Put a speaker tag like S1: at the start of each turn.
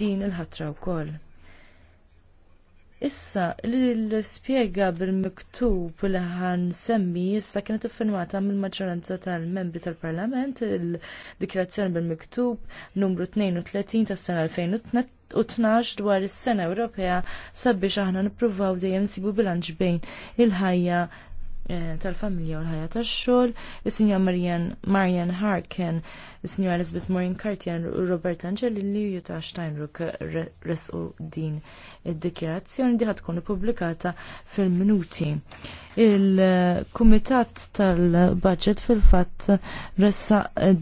S1: din il-ħatra wkoll. Issa li l-spiega bil-miktub li ħan semmi issa kienet iffirmata mill-maġġoranza tal-membri tal-Parlament il dikrazzjoni bil-miktub numru 32 tas-sena 2012 u tnax dwar is-Sena Ewropea sabiex aħna nippruvaw dejjem sibu bilanċ bejn il-ħajja Eh, tal-familja u l-ħajja tax-xogħol, is-Sinjora Marian Marian Harken, is-Sinjora Elizabeth Morin Cartier u Robert Angelilli u Jutta Steinruck resqu din id-dikjerazzjoni di tkun ippubblikata fil-minuti. Il-Kumitat tal-Budget fil-fatt
S2: ressa